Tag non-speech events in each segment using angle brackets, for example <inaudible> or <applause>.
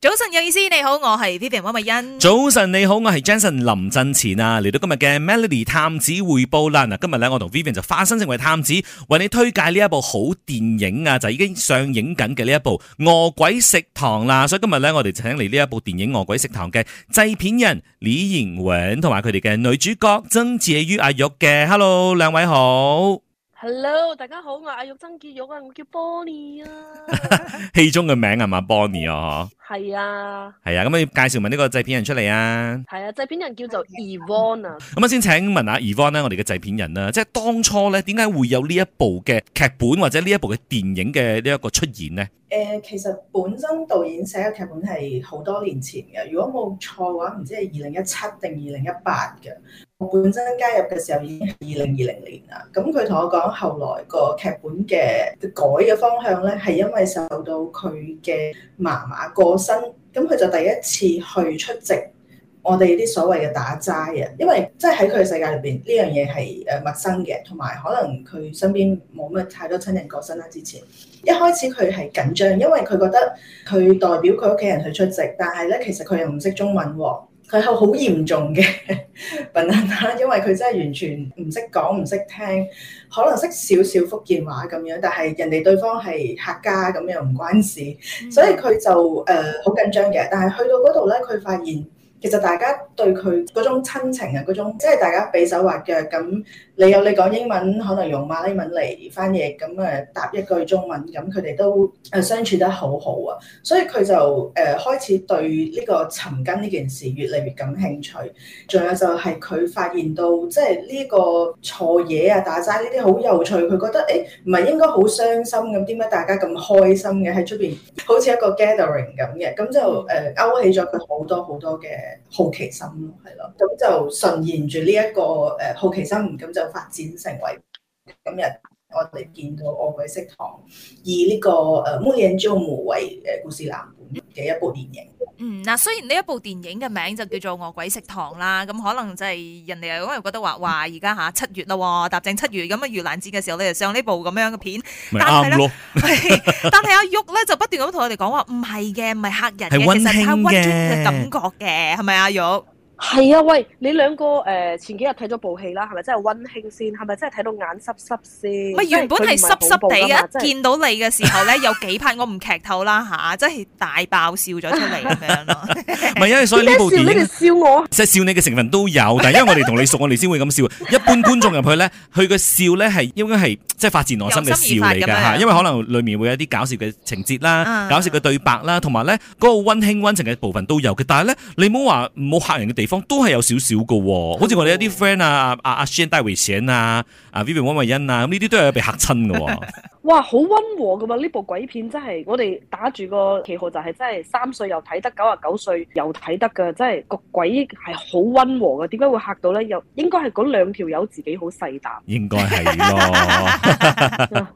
早晨，有意思你好，我係 Vivian 溫美欣。早晨你好，我係 Jenson 林振前啊，嚟到今日嘅 Melody 探子匯報啦。嗱，今日咧我同 Vivian 就化身成為探子，為你推介呢一部好電影啊，就是，已經上映緊嘅呢一部《餓鬼食堂》啦。所以今日咧，我哋請嚟呢一部電影《餓鬼食堂》嘅製片人李賢永，同埋佢哋嘅女主角曾志宇阿玉嘅 Hello，兩位好。Hello，大家好，我係阿玉曾潔玉啊，我叫 Bonnie 啊。戲中嘅名係嘛 Bonnie 哦，係啊？吓，係啊，係啊，咁啊要介紹埋呢個製片人出嚟。啊，係啊，製片人叫做 Evan 啊。咁啊先請問下 Evan 咧，我哋嘅製片人啊。即係當初咧，點解會有呢一部嘅劇本或者呢一部嘅電影嘅呢一個出現咧？誒、呃，其實本身導演寫嘅劇本係好多年前嘅，如果冇錯嘅話，唔知係二零一七定二零一八嘅。我本身加入嘅時候已經係二零二零年啦，咁佢同我講，後來個劇本嘅改嘅方向咧，係因為受到佢嘅嫲嫲過身，咁佢就第一次去出席我哋啲所謂嘅打齋啊，因為即係喺佢嘅世界裏邊呢樣嘢係誒陌生嘅，同埋可能佢身邊冇乜太多親人過身啦。之前一開始佢係緊張，因為佢覺得佢代表佢屋企人去出席，但係咧其實佢又唔識中文。佢係好嚴重嘅， <laughs> 因為佢真係完全唔識講唔識聽，可能識少少福建話咁樣，但係人哋對方係客家咁又唔關事，所以佢就誒好、呃、緊張嘅。但係去到嗰度咧，佢發現。其實大家對佢嗰種親情啊，嗰種即係大家比手畫腳咁，你有你講英文，可能用馬來文嚟翻譯，咁、嗯、誒答一句中文，咁佢哋都誒相處得好好啊。所以佢就誒、呃、開始對呢、呢個尋根呢件事越嚟越感興趣。仲有就係佢發現到，即係呢個錯嘢啊、打齋呢啲好有趣，佢覺得誒唔係應該好傷心咁，點解大家咁開心嘅，喺出邊好似一個 gathering 咁嘅？咁就誒勾起咗佢好多好多嘅。誒好奇心咯，係咯，咁就順延住呢一個誒好奇心，咁就，就發展成為今日我哋見到我嘅色堂，以呢、這個誒 moon 個誒穆蓮焦 o 為誒故事藍本，嘅一、嗯、部電影，嗯嗱，雖然呢一部電影嘅名就叫做《餓鬼食堂》啦，咁可能就係人哋又可能覺得話話而家嚇七月啦喎，踏正七月咁啊，盂蘭節嘅時候，你就上呢部咁樣嘅片，但啱咯， <laughs> <laughs> 但係阿玉咧就不斷咁同我哋講話，唔係嘅，唔係嚇人嘅，其實係溫馨嘅感覺嘅，係咪阿玉？係啊，喂，你兩個誒、呃、前幾日睇咗部戲啦，係咪真係温馨先？係咪真係睇到眼濕濕先？咪原本係濕濕地啊，呃呃、見到你嘅時候咧， <laughs> 有幾拍我唔劇透啦吓，即係、 <laughs> 啊、大爆笑咗出嚟咁樣咯。唔係啊，因為所以呢部電影笑，你笑我，即係笑你嘅成分都有，但係因為我哋同你熟，我哋先會咁笑。 <laughs> 一般觀眾入去咧，佢嘅笑咧係應該係即係發自內心嘅笑嚟嘅吓， <laughs> 因為可能裏面會有啲搞笑嘅情節啦、 <laughs> 搞笑嘅對白啦，同埋咧嗰個温馨温情嘅部分都有嘅。但係咧，你唔好話冇吓人嘅地。都係有少少嘅，好似我哋一啲 friend 啊，阿阿 Jean 戴維賢啊，阿 Vivian 溫慧欣啊，咁呢啲都係有被嚇親嘅。哇，好溫和噶嘛！呢部鬼片真係，我哋打住個旗號就係、是、真係三歲又睇得，九十九歲又睇得嘅，真係個鬼係好溫和嘅。點解會嚇到咧？又應該係嗰兩條友自己好細膽，應該係咯。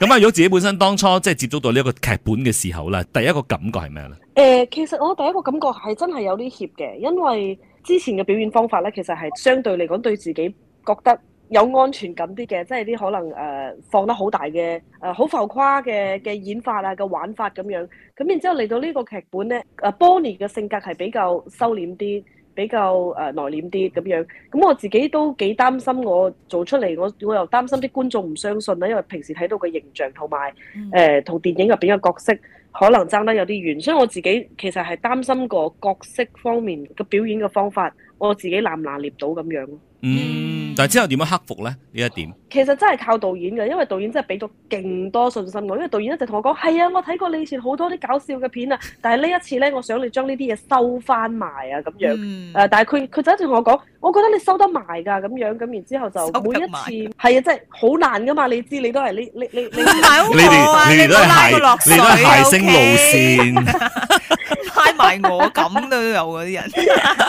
咁啊，如果自己本身當初即係接觸到呢一個劇本嘅時候咧，第一個感覺係咩咧？誒、呃，其實我第一個感覺係真係有啲怯嘅，因為。之前嘅表演方法咧，其實係相對嚟講對自己覺得有安全感啲嘅，即係啲可能誒、呃、放得好大嘅誒好浮誇嘅嘅演化法啊，個玩法咁樣，咁然之後嚟到呢個劇本咧，誒 Bonnie 嘅性格係比較收斂啲。比較誒內斂啲咁樣，咁我自己都幾擔心我做出嚟，我我又擔心啲觀眾唔相信啦，因為平時睇到嘅形象同埋誒同電影入邊嘅角色可能爭得有啲遠，所以我自己其實係擔心個角色方面嘅表演嘅方法，我自己拿唔拿捏到咁樣。嗯，但之後點樣克服咧？呢一點其實真係靠導演嘅，因為導演真係俾到勁多信心我。因為導演一直同我講：係啊，我睇過你以前好多啲搞笑嘅片啊，但係呢一次咧，我想你將呢啲嘢收翻埋啊，咁樣。誒、嗯呃，但係佢佢就一直同我講：，我覺得你收得埋噶，咁樣咁，然之後就每一次係啊，真係好難噶嘛。你知你都係你你你你你係好妥啊！你都係諧，你都係諧星路線可， <laughs> <laughs> 拉埋我咁都有嗰啲人。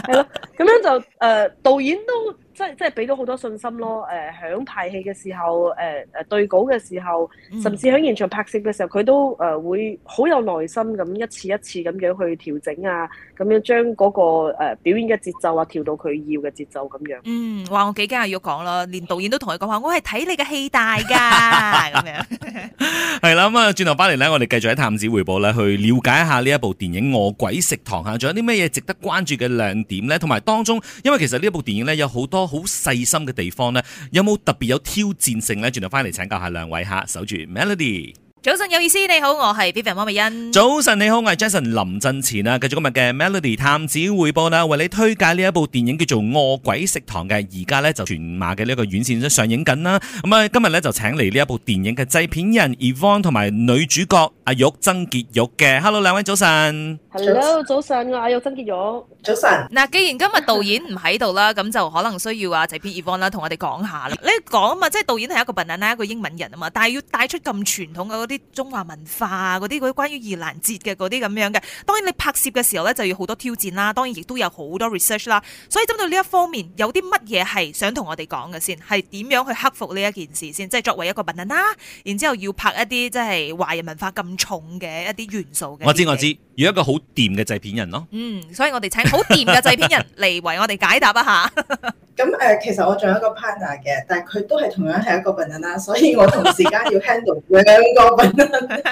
係咯，咁樣就誒、呃，導演都。即係即係俾到好多信心咯，誒、呃，喺排戲嘅時候，誒、呃、誒對稿嘅時候，甚至喺現場拍攝嘅時候，佢都誒、呃、會好有耐心咁一次一次咁樣去調整啊，咁樣將嗰個表演嘅節奏啊調到佢要嘅節奏咁樣。嗯，哇！我幾驚啊，要講啦，連導演都同佢講話，我係睇你嘅戲大㗎，咁 <laughs> 這樣。係 <laughs> 啦，咁、嗯、啊，轉頭翻嚟咧，我哋繼續喺探子回報咧，去了解一下呢一部電影《餓鬼食堂》。嚇，仲有啲咩嘢值得關注嘅亮點咧？同埋當中，因為其實呢一部電影咧有好多。好細心嘅地方呢，有冇特別有挑戰性呢？轉頭翻嚟請教下兩位吓，守住 Melody。早晨有意思，你好，我係 Vivian 汪美欣。早晨你好，我係 Jason 林振前啊，繼續今日嘅 Melody 探子回報啦，為你推介呢一部電影叫做《餓鬼食堂》嘅，而家咧就全馬嘅呢一個院線都上映緊啦。咁、嗯、啊，今日咧就請嚟呢一部電影嘅製片人 Evon 同埋女主角阿玉曾潔玉嘅。Hello，兩位早晨。Hello，早晨，阿玉曾潔玉。早晨。嗱，既然今日導演唔喺度啦，咁 <laughs> 就可能需要啊仔 P。Evon 啦，同我哋講下啦。你講啊嘛，即、就、係、是、導演係一個 banana 一個英文人啊嘛，但係要帶出咁傳統嘅。啲中華文化嗰啲嗰啲關於盂蘭節嘅嗰啲咁樣嘅，當然你拍攝嘅時候咧就要好多挑戰啦，當然亦都有好多 research 啦，所以針對呢一方面有啲乜嘢係想同我哋講嘅先，係點樣去克服呢一件事先，即係作為一個文人啦，然之後要拍一啲即係華人文化咁重嘅一啲元素嘅。我知我知，要一個好掂嘅製片人咯。嗯，所以我哋請好掂嘅製片人嚟為我哋解答一下。 <laughs> 咁誒，其實我仲有一個 partner 嘅，但係佢都係同樣係一個病人啦，所以我同時間要 handle 兩個病人，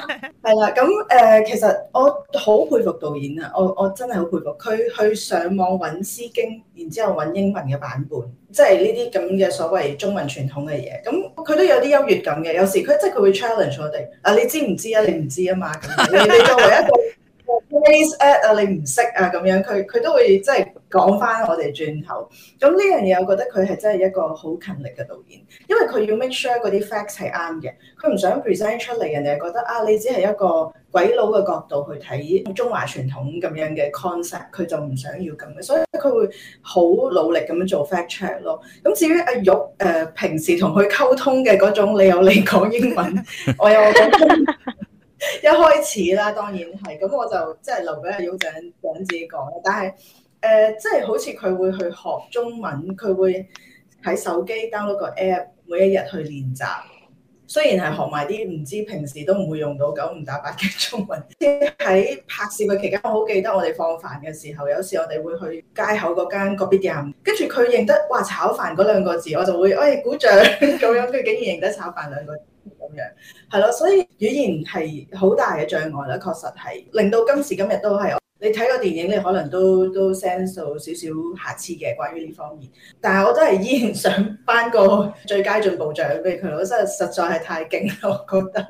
係啦。 <laughs> 咁誒，其實我好佩服導演啊，我我真係好佩服佢去上網揾詩經，然之後揾英文嘅版本，即係呢啲咁嘅所謂中文傳統嘅嘢。咁佢都有啲優越感嘅，有時佢即係佢會 challenge 我哋。啊，你知唔知啊？你唔知啊嘛？你你作為一個。a 啊，你唔識啊，咁樣佢佢都會真係講翻我哋轉頭。咁呢樣嘢，我覺得佢係真係一個好勤力嘅導演，因為佢要 make sure 嗰啲 facts 係啱嘅。佢唔想 present 出嚟，人哋覺得啊，你只係一個鬼佬嘅角度去睇中華傳統咁樣嘅 concept，佢就唔想要咁嘅，所以佢會好努力咁樣做 fact check 咯。咁至於阿玉誒、呃，平時同佢溝通嘅嗰種，你有你講英文， <laughs> 我有我講英文。 <laughs> 一開始啦，當然係咁，我就即係留俾阿曉靜自己講啦。但係誒，即、呃、係好似佢會去學中文，佢會喺手機 download 個 app，每一日去練習。雖然係學埋啲唔知平時都唔會用到九唔搭八嘅中文。喺拍攝嘅期間，我好記得我哋放飯嘅時候，有時我哋會去街口嗰間個 b i 跟住佢認得哇炒飯嗰兩個字，我就會誒、哎、鼓掌咁樣。佢竟然認得炒飯兩個字。係咯，所以語言係好大嘅障礙啦，確實係令到今時今日都係，你睇個電影你可能都都 sense 到少少瑕疵嘅，關於呢方面，但係我都係依然想頒個最佳進步獎俾佢，我真係實在係太勁啦，我覺得。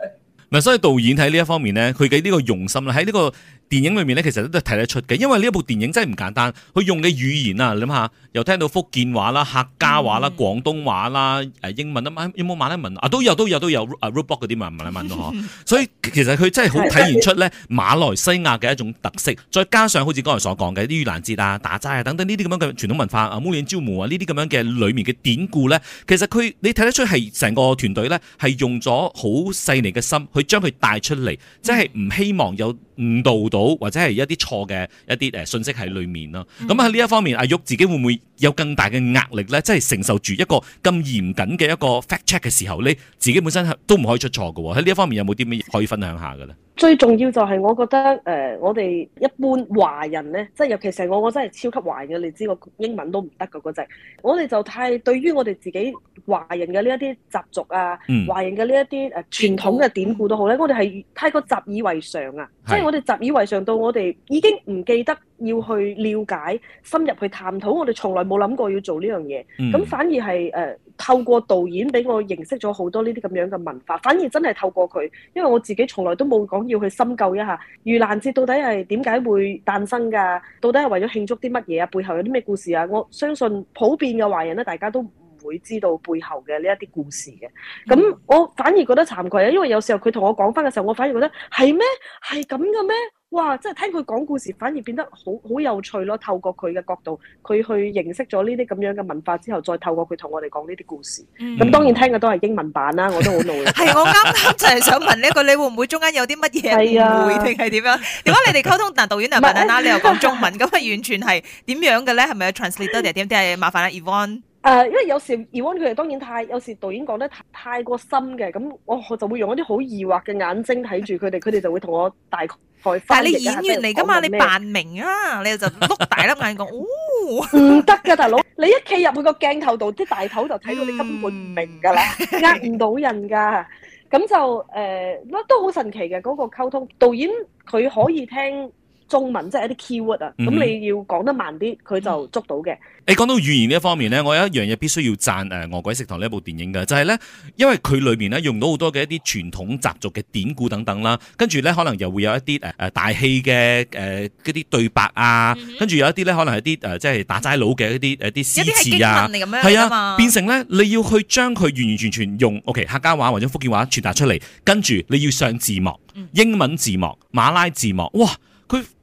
嗱，所以導演喺呢一方面咧，佢嘅呢個用心咧，喺呢、這個。電影裏面咧，其實都睇得出嘅，因為呢一部電影真係唔簡單。佢用嘅語言啊，你諗下，又聽到福建話啦、客家話啦、廣東話啦、誒英文啊，馬有冇馬來文啊，啊？都有都有都有啊，Roblox 嗰啲文馬來文都可。啊、 <laughs> 所以其實佢真係好體現出咧馬來西亞嘅一種特色。再加上好似剛才所講嘅啲盂蘭節啊、打齋啊等等呢啲咁樣嘅傳統文化啊、燭焰招魂啊呢啲咁樣嘅裏面嘅典故咧，其實佢你睇得出係成個團隊咧係用咗好細膩嘅心去將佢帶出嚟，即係唔希望有誤導到。好或者係一啲錯嘅一啲誒信息，喺裏面咯，咁喺呢一方面，阿玉自己會唔會有更大嘅壓力咧？即係承受住一個咁嚴謹嘅一個 fact check 嘅時候，你自己本身都唔可以出錯㗎喎。喺呢一方面有冇啲咩可以分享下嘅咧？最重要就係我覺得，誒、呃，我哋一般華人咧，即係尤其是我，我真係超級華人嘅，你知我英文都唔得嘅嗰隻。我哋就太對於我哋自己華人嘅呢一啲習俗啊，華人嘅呢一啲誒傳統嘅典故都好咧，我哋係太過習以為常啊！是即係我哋習以為常到我哋已經唔記得要去了解、深入去探討，我哋從來冇諗過要做呢樣嘢，咁、嗯、反而係誒。呃透過導演俾我認識咗好多呢啲咁樣嘅文化，反而真係透過佢，因為我自己從來都冇講要去深究一下盂蘭節到底係點解會誕生㗎，到底係為咗慶祝啲乜嘢啊？背後有啲咩故事啊？我相信普遍嘅華人咧，大家都唔會知道背後嘅呢一啲故事嘅。咁我反而覺得慚愧呀，因為有時候佢同我講返嘅時候，我反而覺得係咩？係咁嘅咩？哇！即係聽佢講故事，反而變得好好有趣咯。透過佢嘅角度，佢去認識咗呢啲咁樣嘅文化之後，再透過佢同我哋講呢啲故事。咁、mm hmm. 當然聽嘅都係英文版啦，我都、 <laughs> 嗯、我剛剛好努力。係我啱啱就係想問呢個，你會唔會中間有啲乜嘢誤會定係點樣？點解你哋溝通？但導演又慢下啦，你又講中文，咁啊完全係點樣嘅咧？係咪有？Translator 點點係麻煩啊，Yvonne。誒，uh, 因為有時演員佢哋當然太，有時導演講得太，太過深嘅，咁我就會用一啲好疑惑嘅眼睛睇住佢哋，佢哋 <laughs> 就會同我大概翻。但係你演員嚟㗎嘛， <laughs> 你扮明啊，你就碌大粒眼講，唔得㗎大佬，你一企入去個鏡頭度，啲大頭就睇到你根本唔明㗎啦， <laughs> 呃唔到人㗎，咁就誒，乜都好神奇嘅嗰、那個溝通，導演佢可以聽。中文即係一啲 keyword 啊、嗯，咁你要講得慢啲，佢就捉到嘅。誒講、哎、到語言呢一方面咧，我有一樣嘢必須要讚誒《餓、呃、鬼食堂》呢一部電影嘅就係、是、咧，因為佢裏面咧用到好多嘅一啲傳統習俗嘅典故等等啦，跟住咧可能又會有一啲誒誒大戲嘅誒嗰啲對白啊，嗯、跟住有一啲咧可能係一啲誒即係打齋佬嘅一啲誒啲詩詞啊，係、嗯、啊，變成咧你要去將佢完完全全用 OK 客家話或者福建話傳達出嚟，跟住你要上字幕、嗯、英文字幕馬拉字幕，哇！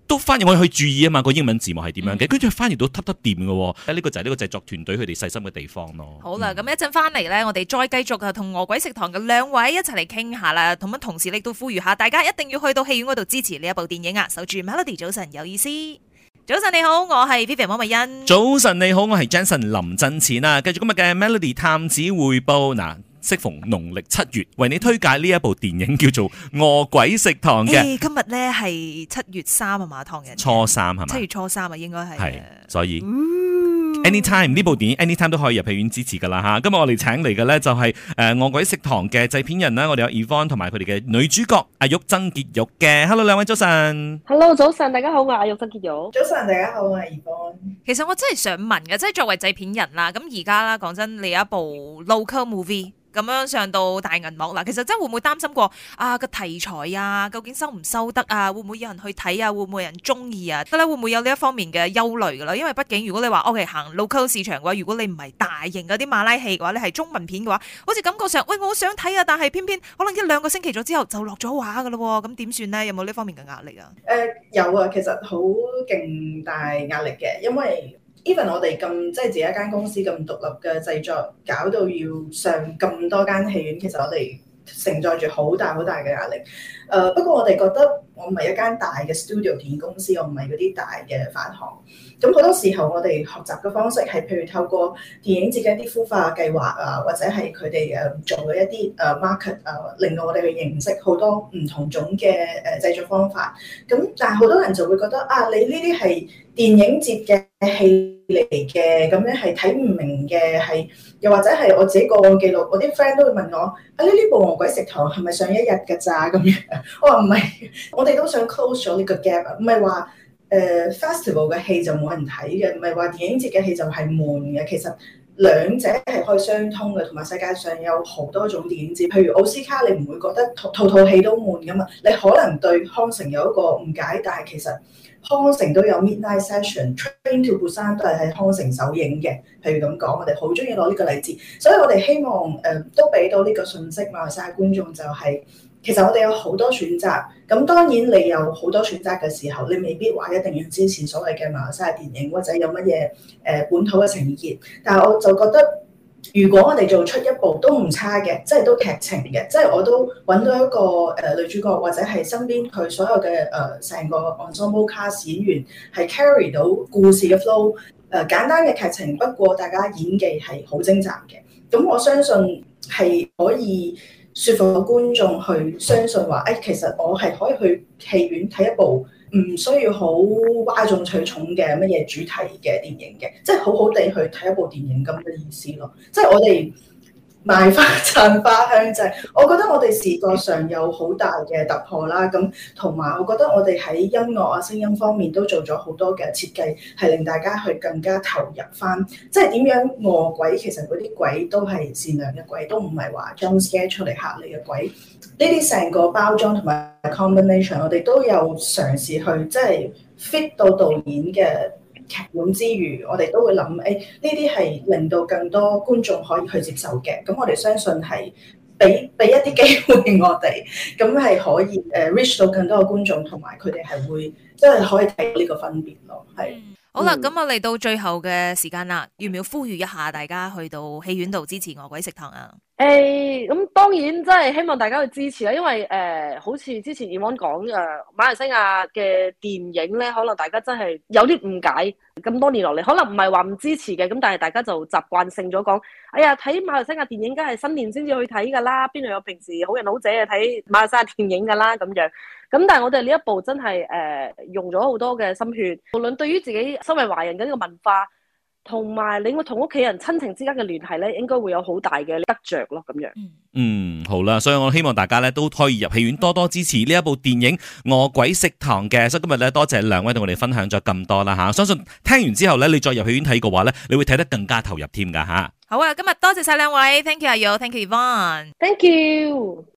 都翻譯可以去注意啊嘛，個英文字幕係點樣嘅，跟住、嗯、翻譯到得得掂嘅喎，呢、嗯、個就係、是、呢、這個製作團隊佢哋細心嘅地方咯。好啦吧，咁一陣翻嚟咧，我哋再繼續啊，同《餓鬼食堂》嘅兩位一齊嚟傾下啦，同埋同時咧都呼籲下大家一定要去到戲院嗰度支持呢一部電影啊！守住 Melody，早晨有意思，早晨你好，我係 Vivian 汪慧欣。早晨你好，我係 Jason 林振錢啊！繼續今日嘅 Melody 探子回報嗱。適逢農曆七月，為你推介呢一部電影叫做《餓鬼食堂》嘅、哎。今日咧係七月三啊嘛，唐人初三係嘛？七月初三啊，應該係係。所以、嗯、anytime 呢部電影 anytime 都可以入戲院支持噶啦吓。今日我哋請嚟嘅咧就係、是、誒《餓、呃、鬼食堂》嘅製片人啦。我哋有 Evan 同埋佢哋嘅女主角阿玉曾潔玉嘅。Hello，兩位早晨。Hello，早晨，大家好，我係阿玉曾潔玉。早晨，大家好，我係 Evan。其實我真係想問嘅，即係作為製片人啦，咁而家啦，講真，真，你有一部 local movie。咁樣上到大銀幕啦，其實真會唔會擔心過啊個題材啊，究竟收唔收得啊？會唔會有人去睇啊？會唔會有人中意啊？得啦，會唔會有呢一方面嘅憂慮嘅啦？因為畢竟如果你話 O.K. 行 local 市場嘅話，如果你唔係大型嗰啲馬拉戲嘅話，你係中文片嘅話，好似感覺上喂，我好想睇啊，但係偏偏可能一兩個星期咗之後就落咗畫嘅咯喎，咁點算呢？有冇呢方面嘅壓力啊？誒、呃、有啊，其實好勁大壓力嘅，因為。even 我哋咁即係自己一間公司咁獨立嘅製作，搞到要上咁多間戲院，其實我哋承載住好大好大嘅壓力。誒，uh，不過我哋覺得。我唔係一間大嘅 studio 電影公司，我唔係嗰啲大嘅發行。咁好多時候，我哋學習嘅方式係譬如透過電影節嘅一啲孵化計劃啊，或者係佢哋誒做嘅一啲誒 market 誒，令到我哋去認識好多唔同種嘅誒製作方法。咁但係好多人就會覺得啊，你呢啲係電影節嘅戲嚟嘅，咁樣係睇唔明嘅，係又或者係我自己個記錄。我啲 friend 都會問我：啊呢部《餓鬼食堂》係咪上一日㗎咋？咁樣我話唔係， <music> 我哋都想 close 咗呢個 gap 啊！唔係話誒 festival 嘅戲就冇人睇嘅，唔係話電影節嘅戲就係悶嘅。其實兩者係可以相通嘅，同埋世界上有好多種電影節，譬如奧斯卡，你唔會覺得套套戲都悶㗎嘛。你可能對康城有一個誤解，但係其實。康城都有 Midnight Session，Train to Busan 都係喺康城首映嘅。譬如咁講，我哋好中意攞呢個例子，所以我哋希望誒、呃、都俾到呢個信息，馬來西亞觀眾就係、是，其實我哋有好多選擇。咁當然你有好多選擇嘅時候，你未必話一定要支持所謂嘅馬來西亞電影或者有乜嘢誒本土嘅情結，但係我就覺得。如果我哋做出一部都唔差嘅，即係都劇情嘅，即係我都揾到一個誒女主角或者係身邊佢所有嘅誒成個 ensemble cast 演員係 carry 到故事嘅 flow、呃。誒簡單嘅劇情，不過大家演技係好精湛嘅。咁我相信係可以説服觀眾去相信話，誒、哎、其實我係可以去戲院睇一部。唔需要好嘩眾取寵嘅乜嘢主題嘅電影嘅，即係好好哋去睇一部電影咁嘅意思咯，即係我哋。賣花讚花香就係、是，我覺得我哋視覺上有好大嘅突破啦。咁同埋我覺得我哋喺音樂啊、聲音方面都做咗好多嘅設計，係令大家去更加投入翻。即係點樣餓鬼？其實嗰啲鬼都係善良嘅鬼，都唔係話 jump scare 出嚟嚇你嘅鬼。呢啲成個包裝同埋 combination，我哋都有嘗試去即係 fit 到導演嘅。劇本之餘，我哋都會諗，誒呢啲係令到更多觀眾可以去接受嘅。咁我哋相信係俾俾一啲機會我哋，咁係可以誒 reach 到更多嘅觀眾，同埋佢哋係會即係、就是、可以睇到呢個分別咯。係、嗯、好啦，咁我嚟到最後嘅時間啦，要唔要呼籲一下大家去到戲院度支持《餓鬼食堂》啊？誒，咁、欸、當然真係希望大家去支持啦，因為誒、呃，好似之前以往 a n 講嘅馬來西亞嘅電影咧，可能大家真係有啲誤解。咁多年落嚟，可能唔係話唔支持嘅，咁但係大家就習慣性咗講，哎呀，睇馬來西亞電影，梗係新年先至去睇噶啦，邊度有平時好人好者去睇馬來西亞電影噶啦咁樣。咁但係我哋呢一部真係誒、呃，用咗好多嘅心血，無論對於自己身為華人嘅呢個文化。同埋你會同屋企人親情之間嘅聯繫咧，應該會有好大嘅得着咯，咁樣。嗯，好啦，所以我希望大家咧都可以入戲院多多支持呢一部電影《餓鬼食堂》嘅。所以今日咧，多謝兩位同我哋分享咗咁多啦吓，相信聽完之後咧，你再入戲院睇嘅話咧，你會睇得更加投入添噶吓。好啊，今日多謝晒兩位，thank you，阿耀，thank you，Evan，thank you。